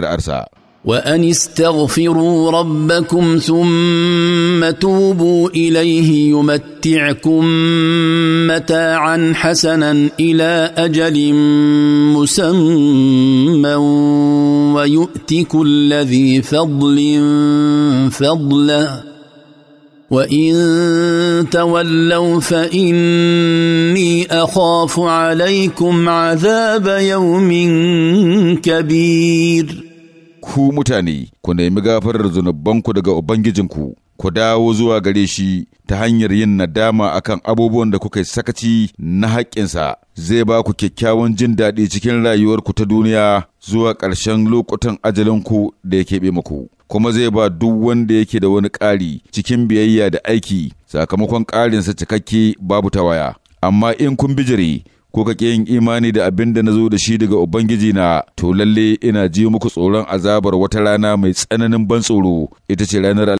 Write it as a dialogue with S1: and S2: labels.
S1: رأرسا
S2: وأن استغفروا ربكم ثم توبوا إليه يمتعكم متاعا حسنا إلى أجل مسمى ويؤت كل ذي فضل فضله وإن تولوا فإن اخاف عليكم عذاب يوم كبير
S3: ku mutane
S4: ku nemi gafarar zunubanku daga ubangijinku ku dawo zuwa gare shi ta hanyar yin nadama akan abubuwan da kuka sakaci na haƙƙinsa zai ba ku kyakkyawan jin daɗi cikin rayuwarku ta duniya zuwa ƙarshen lokutan ajalinku da ya keɓe muku kuma zai ba duk wanda yake da wani ƙari cikin biyayya da aiki sakamakon ƙarinsa cikakke babu ta waya. amma in kun bijiri ko ka yin imani da abin da na zo da shi daga Ubangiji na to lalle ina ji muku tsoron azabar wata rana mai tsananin ban tsoro ita ce ranar